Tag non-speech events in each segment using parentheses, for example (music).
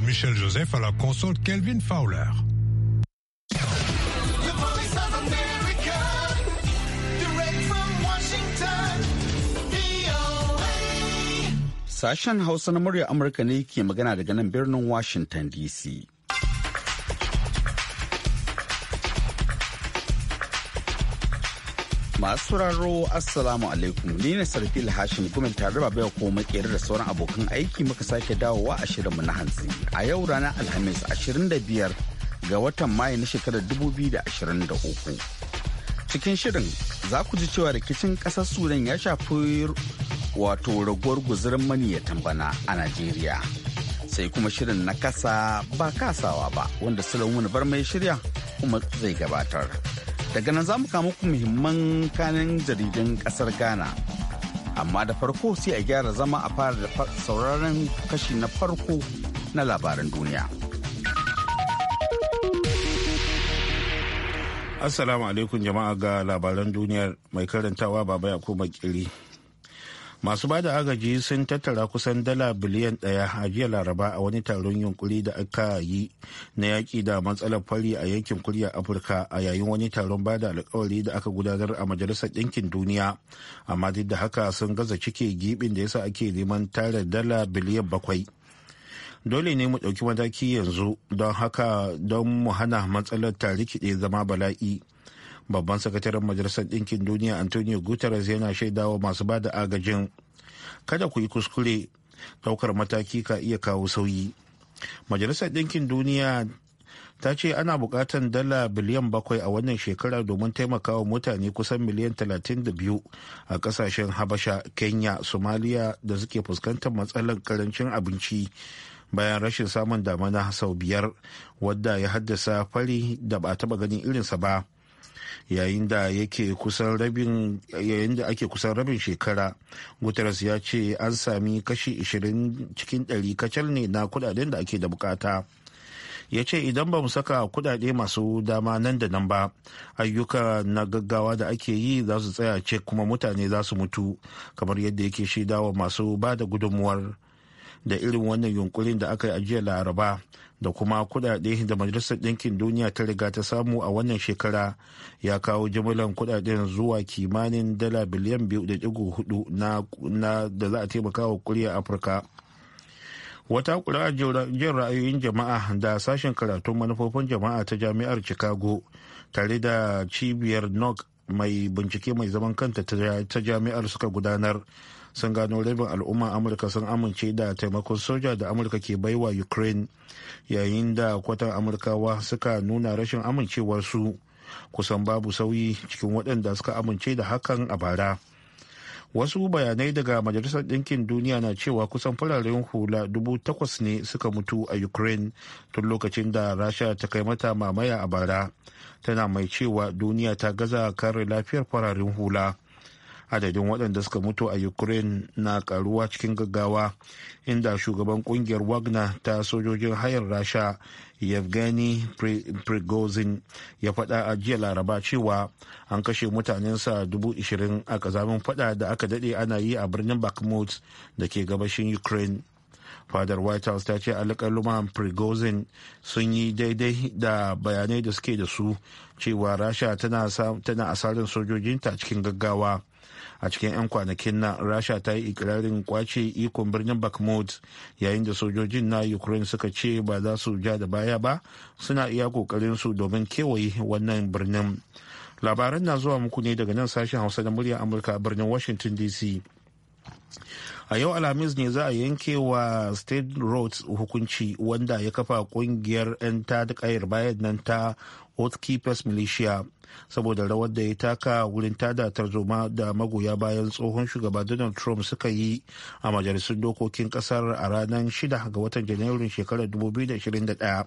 Michel Joseph à la console Kelvin Fowler. Sashen Hausa na murya Amurka ne ke magana Washington DC. Masu sauraro Assalamu alaikum ni ne Sarfil Hashim kuma tare da baya ko makera da sauran abokan aiki muka sake dawowa a shirinmu na hantsi. A yau ranar Alhamis 25 ga watan Mayu na shekarar 2023. Cikin shirin za ku ji cewa rikicin ƙasar Sudan ya shafi wato raguwar guzurin ya bana a Najeriya. Sai kuma shirin na kasa ba kasawa ba wanda Sulaiman bar mai shirya kuma zai gabatar. Daga nan za mu kama ku muhimman kanin jaridan kasar Ghana. Amma da farko sai a gyara zama a fara da sauraron kashi na farko na labaran duniya. Assalamu alaikum jama'a ga labaran duniyar mai karantawa baba Yakubu kiri masu bada agaji sun tattara kusan dala biliyan ɗaya a jiya laraba a wani taron yunkuri da aka yi na yaƙi da matsalar fari a yankin kuriya afirka a yayin wani taron bada alkawari da aka gudanar a majalisar ɗinkin duniya amma duk da haka sun gaza cike gibin da yasa ake neman tara dala biliyan bakwai dole ne mu ɗauki mataki yanzu don haka don mu hana matsalar tariki zama bala'i babban sakataren majalisar ɗinkin duniya antonio guterres yana shaidawa masu bada agajin kada ku yi kuskure ɗaukar mataki ka iya kawo sauyi majalisar ɗinkin duniya ta ce ana buƙatar dala biliyan bakwai a wannan shekara domin taimakawa mutane kusan miliyan 32 a ƙasashen habasha kenya somalia da suke fuskantar matsalar karancin abinci bayan rashin samun damana sau biyar wadda ya haddasa fari da ba taɓa ganin irinsa ba yayin da yake kusan rabin yayin da ake kusan rabin shekara guterres ya ce an sami kashi 20 cikin 100 kacal ne na kudaden da ake da bukata ya ce idan ba mu saka kudade masu dama nan da nan ba ayyuka na gaggawa da ake yi za su tsaya ce kuma mutane za su mutu kamar yadda yake shaidawa masu ba da gudunmuwar da irin wannan yunkurin da aka yi a jiya laraba da kuma kudade da majalisar ɗinkin duniya ta riga ta samu a wannan shekara ya kawo jimilan kudaden zuwa kimanin dala biliyan 2.4 na da za a taimaka wa kuriya afirka wata kura jin ra'ayoyin jama'a da sashen karatun manufofin jama'a ta jami'ar chicago tare da cibiyar nok mai bincike mai zaman kanta ta jami'ar suka gudanar sun gano rabin al'umma amurka sun amince da taimakon soja da amurka ke baiwa ukraine yayin da kwatan amurkawa suka nuna rashin amincewarsu kusan babu sauyi cikin waɗanda suka amince da hakan a bara wasu bayanai daga majalisar ɗinkin duniya na cewa kusan fararen hula dubu takwas ne suka mutu a ukraine tun lokacin da rasha ta kai mata mamaya a bara tana mai cewa duniya ta gaza kare lafiyar fararen hula adadin waɗanda suka mutu a ukraine na karuwa cikin gaggawa inda shugaban kungiyar wagner ta sojojin hayar rasha yevgeny prigozhin ya faɗa a jiya laraba cewa an kashe mutanensa dubu ishirin a kazamin faɗa da aka daɗe ana yi a birnin bakhmut da ke gabashin ukraine fadar white house ta ce alƙaluman prigozhin sun yi daidai da bayanai da suke da su cewa rasha tana asalin sojojinta cikin gaggawa a cikin 'yan kwanakin nan rasha ta yi ikirarin kwace ikon birnin bakhmut yayin da sojojin na ukraine suka ce ba za su ja da baya ba suna iya kokarin su domin kewaye wannan birnin labaran na zuwa muku ne daga nan sashen hausa da murya amurka a birnin washington dc a yau alhamis ne za a yanke wa state roads hukunci wanda ya kafa kungiyar 'yan ta bayan nan ta oathkeepers militia saboda rawar da ya taka wurin tada tarzoma da magoya bayan tsohon shugaba donald trump suka yi a majalisun dokokin kasar a ranar 6 ga watan janairun shekarar 2021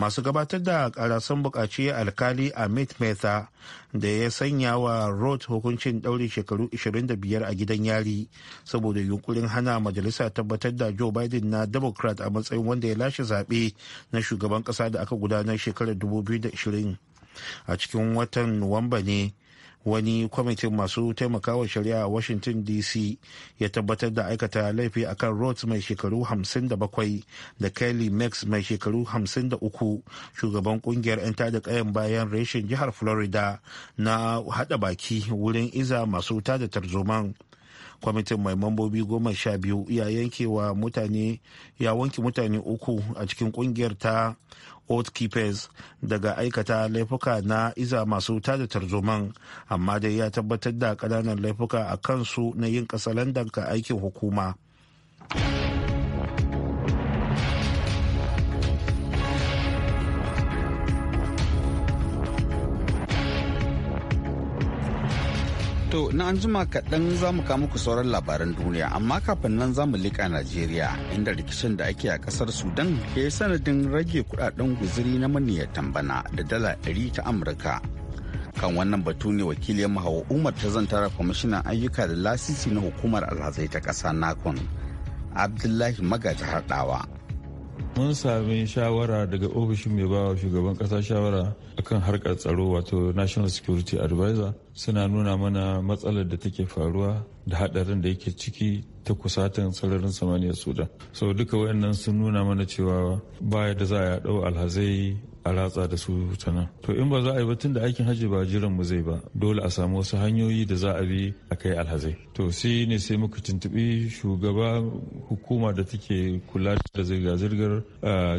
masu gabatar da kara sun buƙaci alkali amit metha da ya sanya wa roth hukuncin ɗaure shekaru 25 a gidan yari saboda yunkurin hana majalisa tabbatar da joe biden na democrat a matsayin wanda ya lashe zaɓe na shugaban ƙasa da aka gudanar shekarar 2020 a cikin watan nuwamba ne wani kwamitin masu taimakawa shari'a a washington dc ya tabbatar da aikata laifi akan rhodes mai shekaru 57 da kelly max mai shekaru 53 shugaban kungiyar 'yan tada kayan bayan reshen jihar florida na hada baki wurin iza masu tada tarzoman kwamitin mai mambobi goma sha biyu ya yanke wa mutane ya wanke mutane uku a cikin kungiyar ta old keepers daga aikata laifuka na iza masu tada tarzoman amma dai ya tabbatar da kananan laifuka a kansu na yin kasalandan ka aikin hukuma. To na anjima kaɗan za mu kawo muku sauran labaran duniya amma kafin nan za mu liƙa Najeriya inda rikicin da ake a ƙasar Sudan ke sanadin rage kuɗaɗen guziri na maniyyar tambana da dala ɗari ta Amurka. Kan wannan batu ne wakilin Hawa Umar ta zantara kwamishinan ayyuka da lasisi na hukumar alhazai ta ƙasa Nakon Abdullahi Magaji Harɗawa. mun sami shawara daga ofishin mai bawa shugaban kasa shawara akan harkar tsaro wato national security advisor suna nuna mana matsalar da take faruwa da hadarin da yake ciki ta kusatan sararin samaniyar sudan sau duka wayannan sun nuna mana cewa baya da za a dau alhazai a ratsa da su ta nan to in ba za a yi ba tun da aikin hajji ba jiran mu zai ba dole a samu wasu hanyoyi da za a bi a kai alhazai to sai ne sai muka tuntubi shugaba hukuma da take kula da zirga-zirgar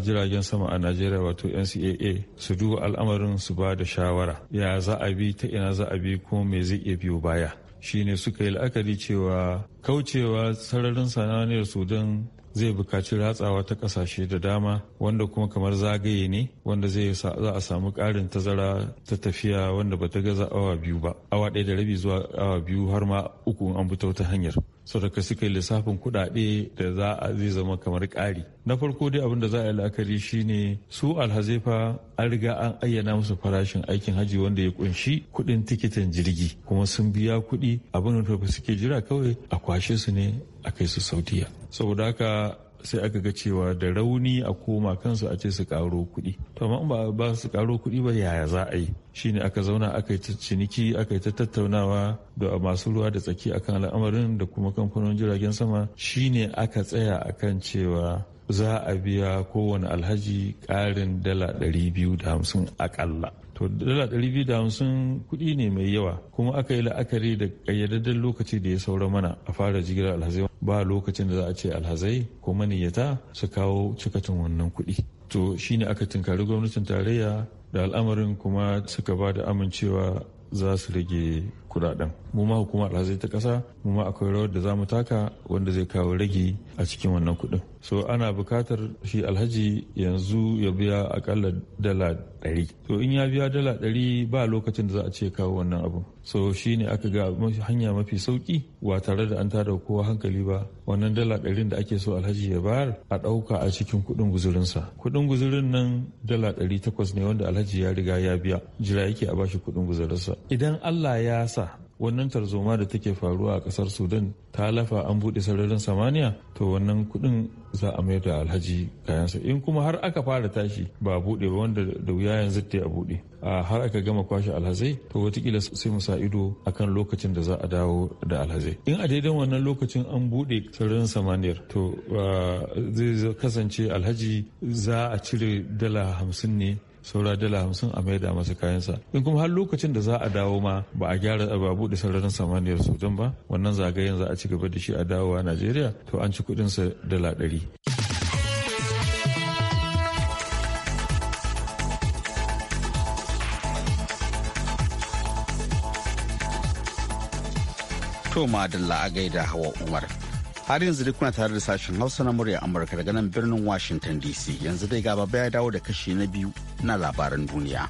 jiragen sama a najeriya wato ncaa su duba al'amarin su ba da shawara ya za a bi ta ina za a bi kuma me zai iya biyo baya shine suka yi la'akari cewa kaucewa sararin sana'ar sudan zai bukaci ratsawa ta kasashe da dama wanda kuma kamar zagaye ne wanda zai za a samu karin tazara ta tafiya wanda bata gaza awa biyu ba awa ɗaya da rabi zuwa awa biyu har ma uku an fito ta hanyar sadaka suka yi lissafin kuɗaɗe da za a zai zama kamar ƙari na farko dai abin da za a yi la'akari shine su alhazefa an riga an ayyana musu farashin aikin hajji wanda ya kunshi kuɗin tikitin jirgi kuma sun biya kuɗi abin da suke jira kawai a kwashe su ne a kai su saudiya saboda haka sai aka ga cewa da rauni a koma kansu a ce su karo kuɗi to amma ba ba su karo kuɗi ba yaya za a yi shine aka zauna aka yi ta ciniki aka yi ta tattaunawa da masu ruwa da tsaki akan al'amarin da kuma kamfanonin jiragen sama shine aka tsaya akan cewa za a biya kowane alhaji ƙarin dala 250 akalla to dala ɗari biyu da hamsin kuɗi ne mai yawa kuma aka yi la'akari da ƙayyadadden lokaci da ya saura mana a fara jigilar alhazai ba lokacin da za a ce alhazai ko maniyyata su kawo cikacin wannan kuɗi to shine aka tunkari gwamnatin tarayya da al'amarin kuma suka ba da amincewa za su rage kudaden mu ma hukumar alhazai ta kasa mu ma akwai rawar da za mu taka wanda zai kawo rage a cikin wannan kudin so ana bukatar shi alhaji yanzu ya biya akalla dala ɗari to in ya biya dala ɗari ba lokacin da za a ce kawo wannan abu so shine aka ga hanya mafi sauki ba tare da an tada kowa hankali ba wannan dala ɗarin da ake so alhaji ya bayar a ɗauka a cikin kuɗin guzurinsa kuɗin guzurin nan dala ɗari takwas ne wanda alhaji ya riga ya biya jira yake a bashi kuɗin guzurinsa idan allah ya sa wannan tarzoma da take faruwa a kasar sudan ta lafa an buɗe sararin samaniya to wannan kuɗin za a mayar da alhaji kayansa in kuma har aka fara tashi ba a buɗe ba wanda da wuya yanzu ta a buɗe a har aka gama kwashe alhazai to watakila sai mu sa ido akan lokacin da za a dawo da alhazai in a daidai wannan lokacin an buɗe sararin samaniyar to zai kasance alhaji za a cire dala hamsin ne saura dala hamsin a maida masa kayansa in kuma har lokacin da za a dawo ma ba a gyara ba a buɗe sararin samaniyar sudan ba wannan zagayen za a ci gaba da shi a dawowa najeriya to an ci kuɗinsa dala ɗari. To Madalla a gaida Hawa Umar. har yanzu dai kuna tare da sashen hausa na murya amurka daga nan birnin washington dc yanzu dai gaba baya dawo da kashi na biyu na labaran duniya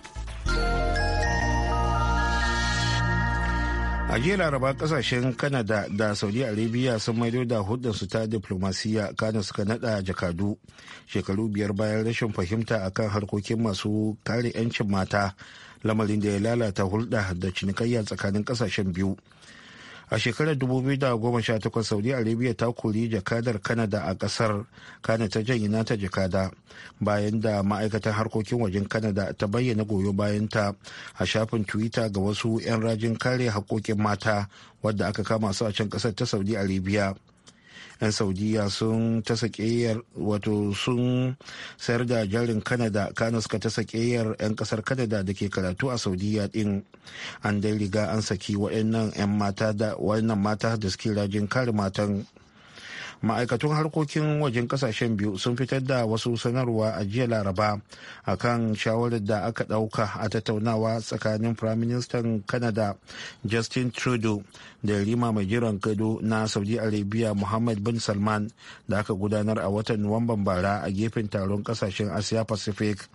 a jiya laraba kasashen kanada da saudi arabia sun maido da hudansu ta diplomasiya kanin suka nada jakadu shekaru biyar bayan rashin fahimta akan harkokin masu kare 'yancin mata lamarin da ya lalata hulɗa da cinikayya tsakanin kasashen biyu a shekarar 2018 saudi arabia ta kori jakadar kanada a kasar kana ta janye ta jakada bayan da ma'aikatan harkokin wajen kanada ta bayyana goyo bayanta a shafin twitter ga wasu 'yan rajin kare haƙoƙin mata wadda aka kama su a can kasar ta saudi arabia 'yan saudiya sun ta sakeyar wato sun sayar da jarin kanada kana suka ta sakeyar 'yan kasar kanada da ke karatu a saudiya din an dai riga an saki waɗannan 'yan mata da mata da suke rajin kare matan ma'aikatun harkokin wajen kasashen biyu sun fitar da wasu sanarwa a jiya laraba a kan shawarar da aka ɗauka a tattaunawa tsakanin firaministan canada justin trudeau da rima mai jiran kado na saudi arabia muhammad bin salman da aka gudanar a watan nuwamban bara a gefen taron kasashen asia pacific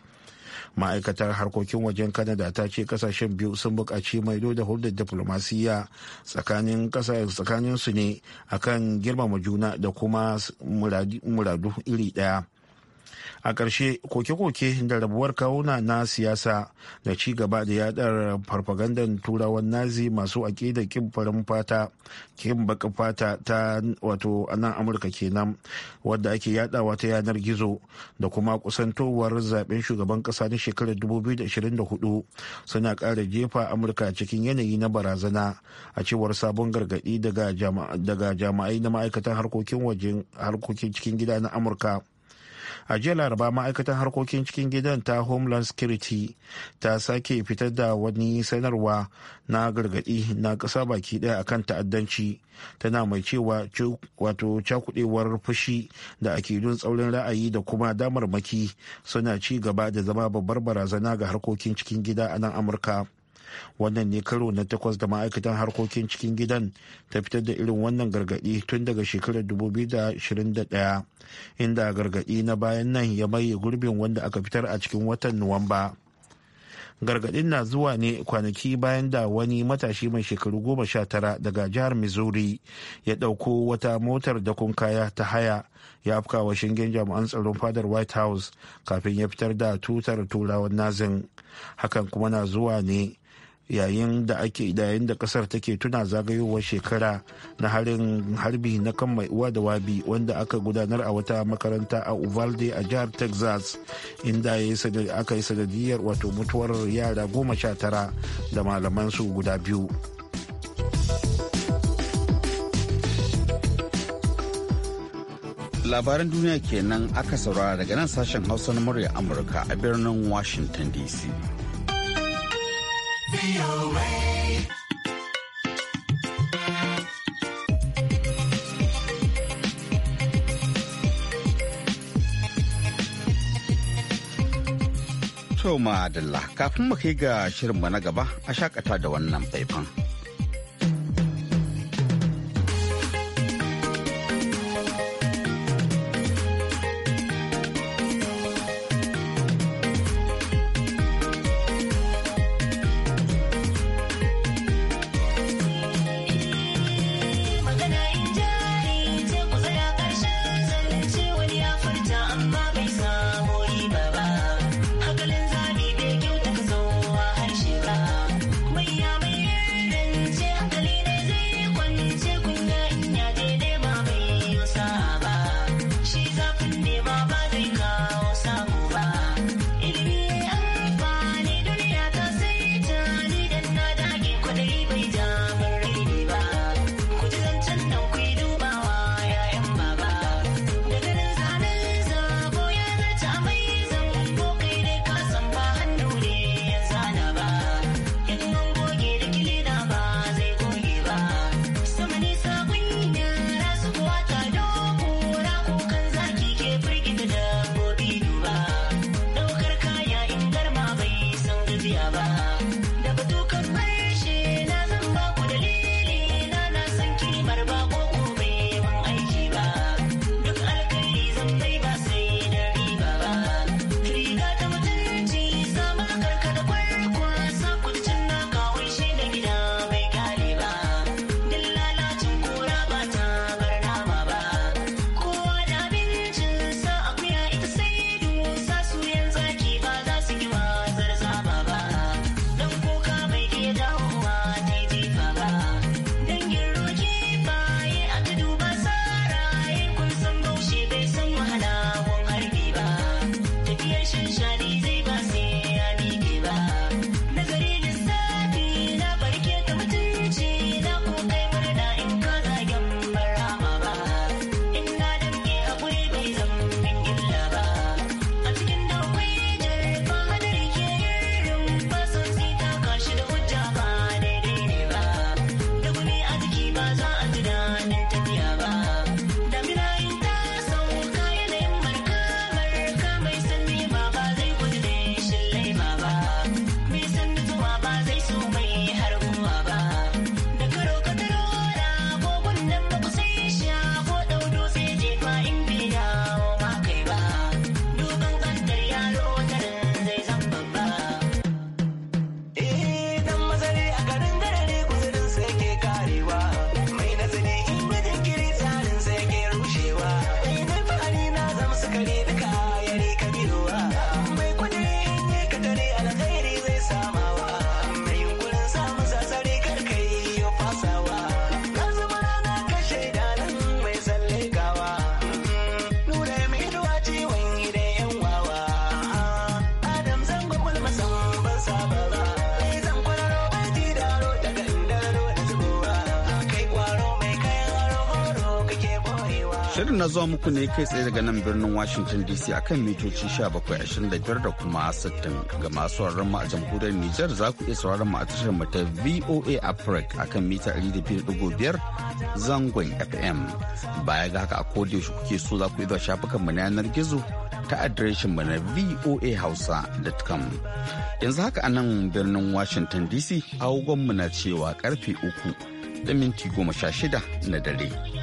ma'aikatar harkokin wajen kanada ta ce kasashen biyu sun buƙaci mai da hulɗar diflomasiyya tsakanin su ne akan girmama juna da kuma muradu iri ɗaya a ƙarshe koke-koke da rabuwar kawuna na siyasa da ci gaba da yadar farfagandan turawan nazi masu da kin farin fata kin baka fata ta wato nan amurka kenan wadda ake yadawa ta yanar gizo da kuma kusantowar zaben shugaban ƙasa na shekarar 2024 suna ƙara jefa amurka cikin yanayi na barazana a cewar sabon gargaɗi daga jama'ai na ma'aikatan harkokin harkokin cikin gida na amurka a jiya laraba ma'aikatan harkokin cikin gidan ta homeland security ta sake fitar da wani sanarwa na gargadi na ƙasa baki ɗaya akan ta'addanci tana mai cewa wato cakudewar fushi da akidun tsaurin ra'ayi da kuma damarmaki suna ci gaba da zama babbar barazana ga harkokin cikin gida a nan amurka wannan ne karo na takwas da ma'aikatan harkokin cikin gidan ta fitar da irin wannan gargaɗi tun daga shekarar 2021 inda gargaɗi na bayan nan ya maye gurbin wanda aka fitar a cikin watan nuwamba gargaɗin na zuwa ne kwanaki bayan da wani matashi mai shekaru goma sha tara daga jihar missouri ya ɗauko wata motar da kun kaya ta haya ya afkawa shingen jami'an tsaron fadar white house kafin ya fitar da tutar turawan nazin hakan kuma na zuwa ne yayin da ake yayin da kasar take tuna zagayowar shekara na harin harbi na kan mai uwa da wabi wanda aka gudanar a wata makaranta a uvalde a jihar texas inda aka yi sanadiyar wato mutuwar yara goma sha tara da malaman su guda biyu labaran duniya kenan aka saurara daga nan sashen hausa na murya amurka a birnin washington dc Toma Adalla kafin mu kai ga shirinmu na gaba a shakata da wannan faifan. nada. Shirin na zuwa muku ne kai tsaye daga nan birnin Washington DC akan mitoci 1725 da kuma 60 ga masu sauraron mu a jamhuriyar Nijar za ku iya sauraron mu a tashar mu ta VOA Africa akan mita 200.5 zangon FM. Baya ga haka a koda yaushe kuke so za ku iya shafukan mu na yanar gizo ta adireshin mu na voahausa.com. Yanzu haka a nan birnin Washington DC agogon mu na cewa karfe 3 da minti 16 na dare.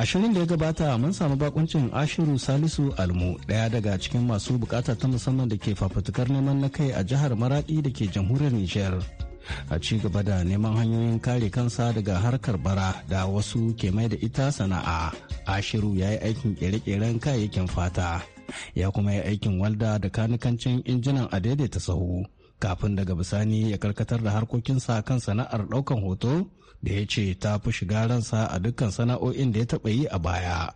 a shirin da ya gabata mun samu bakuncin ashiru salisu almu daya daga cikin masu bukata ta musamman da ke fafutukar neman na kai a jihar maradi da ke jamhuriyar nijar a ci gaba da neman hanyoyin kare kansa daga harkar bara da wasu ke mai da ita sana'a ashiru ya yi aikin kere-keren kayayyakin fata ya kuma yi aikin walda da kanikancin injinan a daidaita sahu kafin daga bisani ya karkatar da harkokinsa kan sana'ar ɗaukan hoto da ya ce ta fi shiga ransa a dukkan sana'o'in da ya taɓa yi a baya.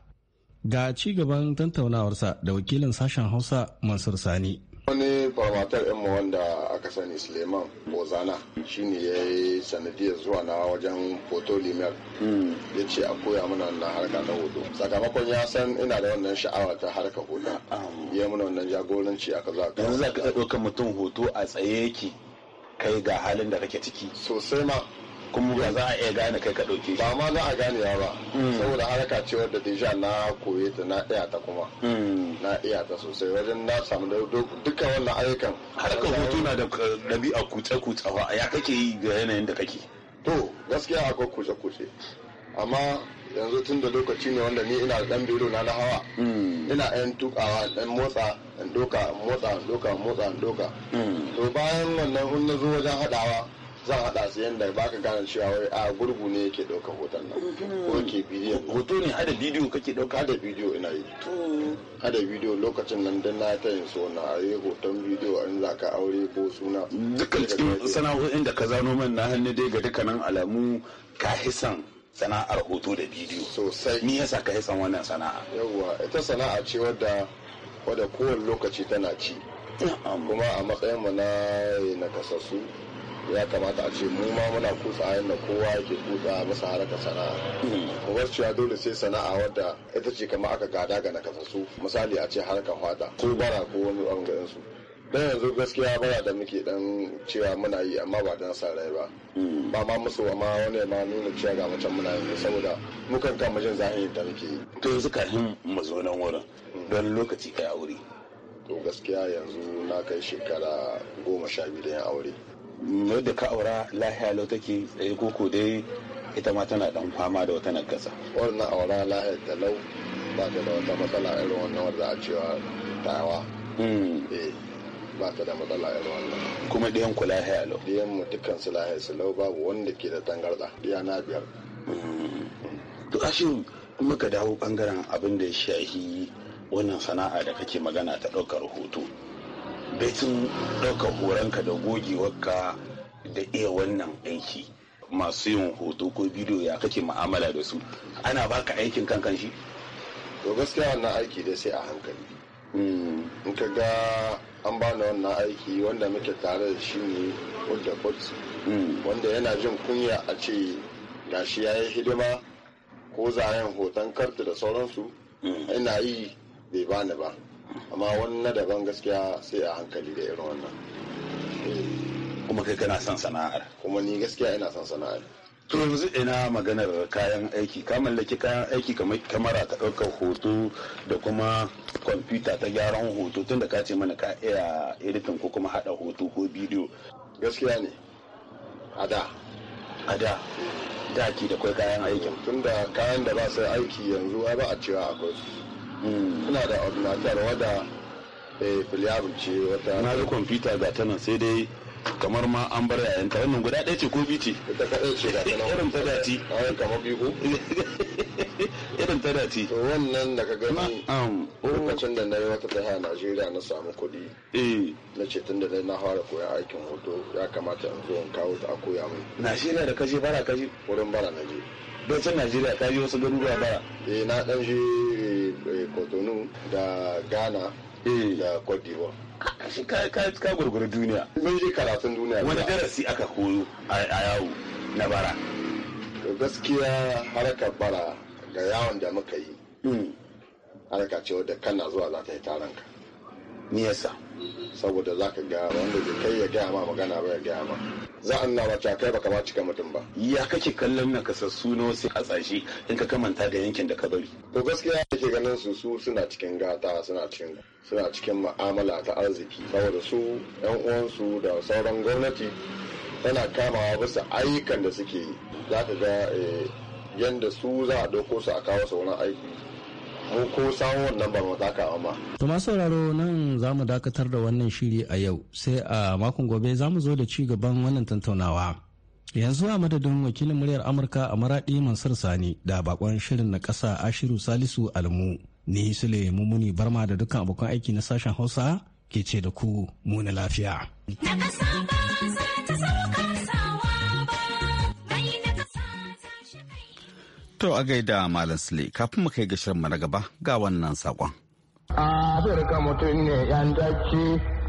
Ga ci gaban tattaunawarsa da wakilin sashen Hausa Mansur Sani. Wani farmatar yamma wanda aka sani Suleiman Bozana shi ne ya yi sanadiyar zuwa na wajen Foto Limer ya ce a koya mana wannan harka na hoto. Sakamakon ya san ina da wannan sha'awa ta harka hudu. Ya mana wannan jagoranci a kaza. Yanzu za ka ɗaukar mutum hoto a tsaye yake kai ga halin da kake ciki. Sosai ma kuma ba za a iya gane kai ka ɗauke ba ma za a gane ba mm. saboda haraka ce wadda deja na koye ta na iya ta kuma mm. na iya ta sosai wajen na samu da dukkan wannan ayyukan harkar hutu na da eh, ɗabi'a kutse-kutse ba ya kake yi ga yanayin da kake to gaskiya akwai kuce-kuce amma yanzu tun da lokaci ne wanda ni ina da dan biro na na hawa mm. ina yan tukawa dan motsa in doka motsa doka motsa doka to bayan wannan in na zo wajen hadawa Zan hada haɗa su yadda ba ka gane cewa wai a gurgu ne yake ɗauka hoton nan ko yake bidiyon hoto ne hada bidiyo kake ɗauka hada bidiyo ina yi hada bidiyo lokacin nan dan na ta yin sona a yi hoton bidiyo a yin ka aure ko suna dukkan cikin sana'o'in da ka zano man na hannu dai ga dukkanin alamu ka hisan sana'ar hoto da bidiyo sosai ni yasa ka hisan wannan sana'a yawwa ita sana'a ce wadda wadda kowane lokaci tana ci kuma a matsayinmu na na kasasu. ya kamata a ce mu ma muna kusa kutsa da kowa yake kutsa masa harkar sana'a kamar cewa dole sai sana'a wadda ita ce kamar aka gada ga nakasassu misali a ce harkar fata ko bara ko wani ɓangaren su dan yanzu gaskiya bara da muke dan cewa muna yi amma ba dan sa rai ba ba ma musu ma wani ma nuna cewa ga wacan muna yi saboda mukan kan majin zahirin da muke yi to yanzu kafin mu zo nan wurin don lokaci kai aure to gaskiya yanzu na kai shekara goma sha biyu da yan aure wadda ka aura lahiya lau take tsaye koko dai ita ma tana dan fama da wata nagasa wannan aura lahiya da lau ba ta da wata matsala irin wannan wanda a cewa tawa hmm. eh, ba ta da matsala irin wannan kuma ɗiyan ku lahiya lau ɗiyan mu dukkan su lahiya su lau babu wanda ke da tangarda ɗiya na biyar hmm. to ashin muka dawo bangaren abin da ya shahi wannan sana'a da kake magana ta ɗaukar hoto baitin ɗaukar horonka da gogewarka da iya wannan aiki masu yin hoto ko bidiyo ya kake ma'amala da su ana baka aikin kan shi to gaskiya wannan aiki dai sai a hankali hmm. in ka ga an bani wannan aiki wanda muke tare da shi ne da hmm. wanda yana jin kunya a ce ga shi ya yi hidima ko zayen hoton karta da sauransu hmm. ina yi bai bani ba amma wani na daban gaskiya sai a hankali da irin wannan kuma kai kana son sana'ar kuma ni gaskiya ina son sana'ar to yanzu ina maganar kayan aiki ka mallaki kayan aiki kamar kamera ta ɗaukar hoto da kuma kwamfuta ta gyaran hoto tun da ka ce mana ka iya editing ko kuma haɗa hoto ko bidiyo gaskiya ne a da a da da ki da kwai kayan aikin tun da kayan da ba su aiki yanzu ba a cewa akwai suna da ordinator wadda eh, filiyabu ce wata na ga kwamfuta ga ta nan sai dai kamar ma an bar yayin ta wannan guda ɗaya ce ko biyu ce ita ga ta irin ta dati a kamar biyu ko (laughs) irin ta dati wannan da ka gani lokacin da na yi wata ta haya Najeriya na samu kuɗi eh. na ce tun da dai na fara koyan aikin hoto ya kamata in zo in kawo ta a koya mai ne da kaje bara kaje wurin bara na je don can najeriya ka yi wasu garuruwa ba eh na dan shi kotonu eh, da ghana eh. da cote d'ivoire ka gurgura duniya mun je karatun duniya wani darasi aka koyo a yawo na bara gaskiya harkar bara ga yawon da muka yi hmm. harka cewa da kana zuwa za ta yi taron ka me yasa saboda za ka ga wanda kai ya gaya ma magana ba ya gaya ma za a nuna ta kai baka cika mutum ba ya kake kallon na kasassu na wasu kasashe in ka kamanta da yankin da ka bari to gaskiya ke ganin su su suna cikin gata suna cikin suna cikin ma'amala ta arziki saboda su yan uwansu da sauran gwamnati tana kamawa bisa ayyukan da suke yi za ka ga eh, yadda su za a ɗauko su a kawo sauran aiki mu ko samu wannan ba mu zaka amma. To masu sauraro nan za mu dakatar da wannan shiri a yau sai a makon gobe za mu zo da ci gaban wannan tantaunawa. Yanzu a madadin wakilin muryar Amurka a maraɗi Mansur Sani da bakon shirin na ƙasa Ashiru Salisu Almu. Ni Sule Mumuni Barma da dukkan abokan aiki na sashen Hausa ke ce da ku muna lafiya. Na ƙasa ba za ta sauka To a gaida Malam Sule kafin mu kai gashar mu na gaba ga wannan sakon. Afirka mutum ne 'yan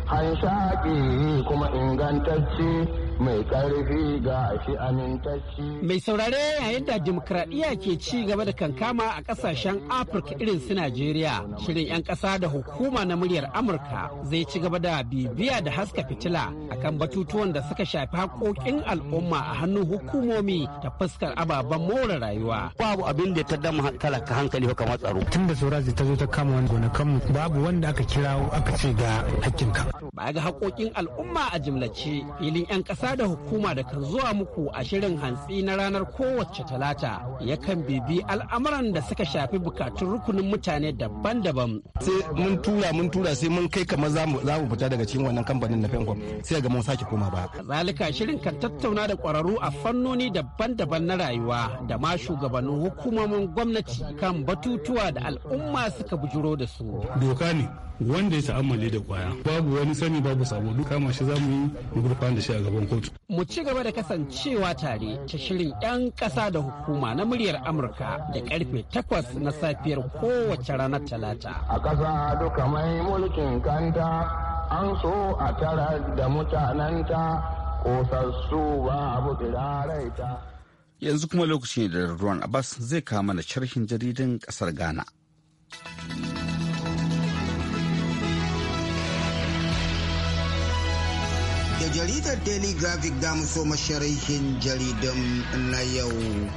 hanshaki kuma ingantacce mai ƙarfi ga shi amintacci. Mai saurare yayin da dimokuraɗiyya ke ci gaba da kankama a ƙasashen Afirka irin su Najeriya, shirin 'yan ƙasa da hukuma na muryar Amurka zai ci gaba da bibiya da haska fitila akan batutuwan da suka shafi haƙoƙin al'umma a hannun hukumomi ta fuskar ababen more rayuwa. Babu abin da ta dama talaka hankali kamar tsaro. Tun da Soraji ta zo ta kama wani gonakanmu babu wanda aka kirawo aka ce ga hakkinka. Ba ga haƙoƙin al'umma a jimlace filin 'yan ƙasa ƙasa da hukuma da kan zuwa muku a shirin hantsi na ranar kowace talata yakan bibi al'amuran da suka shafi bukatun rukunin mutane daban-daban. Sai mun tura mun tura sai mun kai kamar za mu fita daga cikin wannan kamfanin na Fenkom sai ga mun sake koma ba. Zalika shirin kan tattauna da ƙwararru a fannoni daban-daban na rayuwa da ma shugabannin hukumomin gwamnati kan batutuwa da al'umma suka bujuro da su. Doka ne wanda ya ta'ammali da kwaya babu wani sani babu sabo duk kama shi za mu yi gurfan da shi a gaban kotu. Mu ci gaba da kasancewa tare ta shirin 'yan ƙasa da hukuma na muryar Amurka da karfe takwas na safiyar kowace ranar Talata. A ƙasa duka mai mulkin kanta an so a tara da mutananta kosassu ba abu ta. Yanzu kuma lokaci ne da Ruwan Abbas zai kama da sharhin jaridan ƙasar Ghana. daga jaridar daily graphic da mu so masharhin jaridan na yau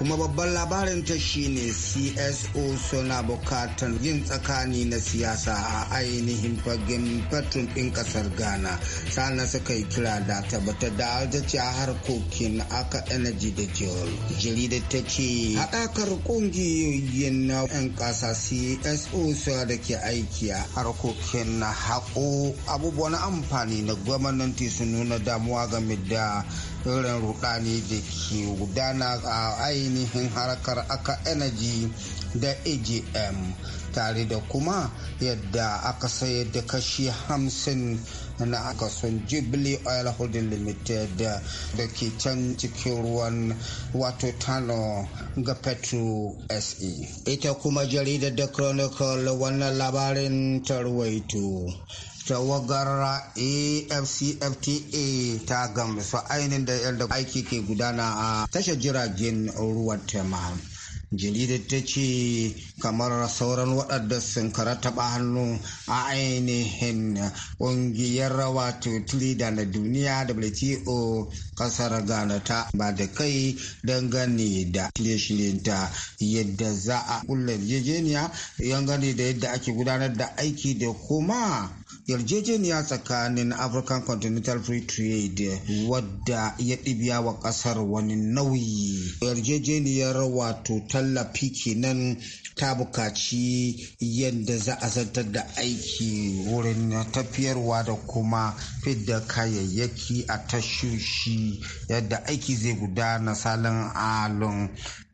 kuma babban labarin ta shine cso suna bukatar yin tsakani na siyasa a ainihin fagen fatun ɗin ƙasar ghana sannan suka yi kira da tabbatar da a harkokin aka energy da jihar jarida ta ce haɗakar ƙungiyoyin na 'yan ƙasa cso suna da ke aiki a harkokin haƙo abubuwan amfani na gwamnati su nuna damuwa game da irin rudani da ke gudana a ainihin harkar aka energy da agm tare da kuma yadda aka sayar da kashi hamsin na akasun jubilee oil holding limited da ke can cikin ruwan wato tano ga petro se ita kuma jaridar da chronicle wannan labarin tarwaito tawagar afcfta ta gamsu ainihin da yadda aiki ke gudana a tashar jiragen ruwan tema jaridar ta ce kamar sauran waɗanda sun taɓa hannu a ainihin ƙungiyar wato da na duniya wto ƙasar ghana ta ba da kai dangane da shirye-shiryenta yadda za a ƙulla yarjejeniya dangane da yadda ake gudanar da aiki da kuma yarjejeniya tsakanin african continental free trade wadda ya ɗibiya wa ƙasar wani nauyi yarjejeniyar wato tallafi kenan ta bukaci yadda za a zartar da aiki wurin tafiyarwa da kuma fidda kayayyaki a tashoshi yadda aiki zai gudana salon alon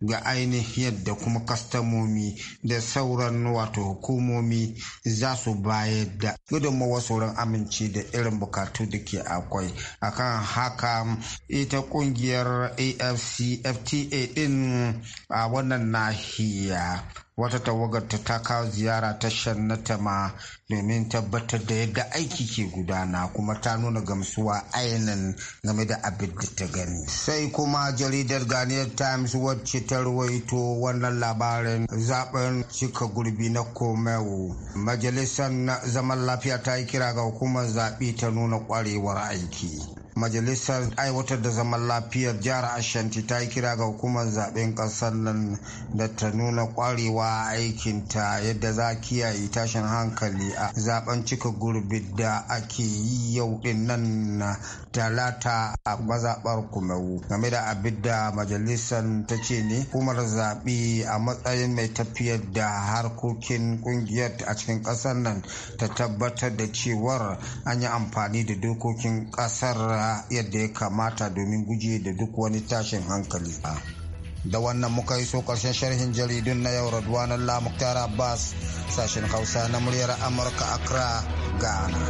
ga ainihin da kuma kastamomi da sauran wato hukumomi za su bayar da gudunmawar sauran aminci da irin bukatu da ke akwai akan haka ita kungiyar afcfta din a wannan nahiya wata tawagar ta kawo ziyara tashar na ma domin tabbatar da yadda aiki ke gudana kuma ta nuna gamsuwa ainihin game da abin da ta gani sai kuma jaridar ghanaian times wacce ta ruwaito wannan labarin zaben cika gurbi na komewo majalisar zaman lafiya ta yi kira ga hukumar zaɓe ta nuna kwarewar aiki majalisar aiwatar da zaman lafiyar jihar ashanti ta yi kira ga hukumar zaben kasar nan da ta nuna kwarewa a aikinta yadda za a kiyaye tashin hankali a zaben cika gurbi da ake yi yau din nan talata a mazaɓar kumewu game da abin da majalisar ta ce ne hukumar zaɓe a matsayin mai tafiyar da harkokin kungiyar a cikin ƙasar nan ta tabbatar da cewar an yi amfani da dokokin ƙasar yadda ya kamata domin guje da duk wani tashin hankali. Da wannan muka yi so karshen sharhin jaridun na yau Radwanan Lamuktar Abbas sashen Hausa na muryar Amurka Accra, Ghana.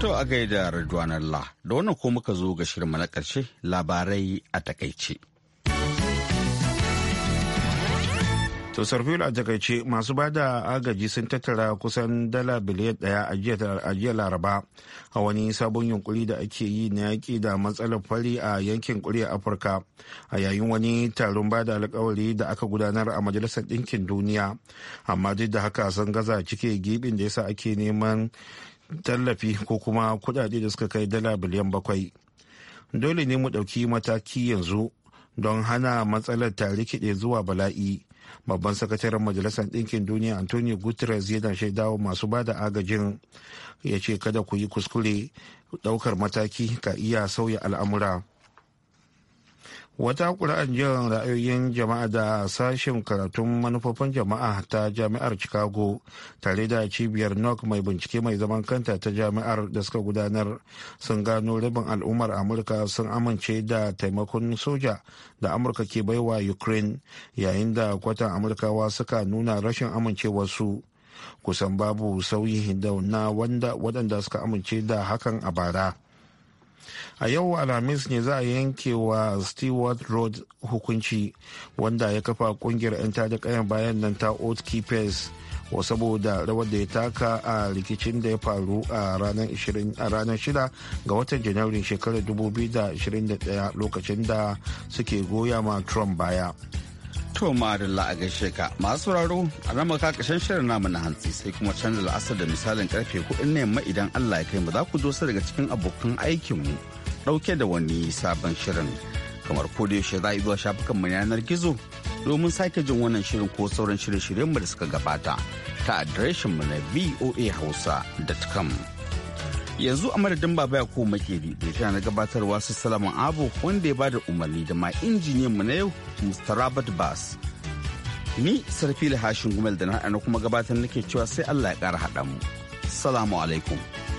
To a gaida Radwanan La, da wannan ko muka zo ga shirma na ƙarshe labarai a takaice. To a takaice masu ba da agaji sun tattara kusan dala biliyan ɗaya a jiya laraba a wani sabon yunkuri da ake yi na yaƙi da matsalar fari a yankin kuriya Afirka a yayin wani taron ba da alkawari da aka gudanar a Majalisar Ɗinkin Duniya. Amma duk da haka sun gaza cike gibin da yasa ake neman tallafi ko kuma kuɗaɗe da suka kai dala biliyan bakwai. Dole ne mu ɗauki mataki yanzu don hana matsalar ta rikide zuwa bala'i. babban sakataren majalisar ɗinkin duniya antonio guterres yana shaidawa masu bada agajin ya ce kada ku yi kuskure ɗaukar mataki ka iya sauya al'amura wata ƙuri'ar jin ra'ayoyin jama'a da sashen karatun manufofin jama'a ta jami'ar chicago tare da cibiyar nok mai bincike mai zaman kanta ta jami'ar da suka gudanar sun gano rabin al'ummar amurka sun amince da taimakon soja da amurka ke baiwa ukraine yayin da kwatan amurkawa suka nuna rashin amincewarsu kusan babu sauyi da na wanda waɗanda suka amince da hakan a bara. a yau alhamis ne za a yanke wa stewart road hukunci wanda ya kafa kungiyar 'yan tada kayan bayan nan ta old keepers wa saboda rawar da ya taka a rikicin da ya faru a ranar 6 ga watan janairun shekarar 2021 lokacin da suke goya ma trump baya To madalla a gaishe ka masu sauraro a rama ka kashen shirin namu na hantsi sai kuma canza la'asar da misalin karfe kuɗin ne ma idan Allah ya kai mu za ku dosa daga cikin abokan aikinmu ɗauke da wani sabon shirin. Kamar yaushe za a zuwa shafukan mu yanar gizo domin sake jin wannan shirin ko sauran shirye-shiryen mu da suka gabata ta adireshin mu na voahausa.com. Yanzu a madadin baba ko makeri da na gabatarwa su salaman abu wanda ya ba da umarni da ma injiniyan mu na yau Mr. Robert Bass. Ni sarfila hashin gumel da na kuma gabatar nake cewa sai Allah ya kara haɗa mu. Salamu alaikum.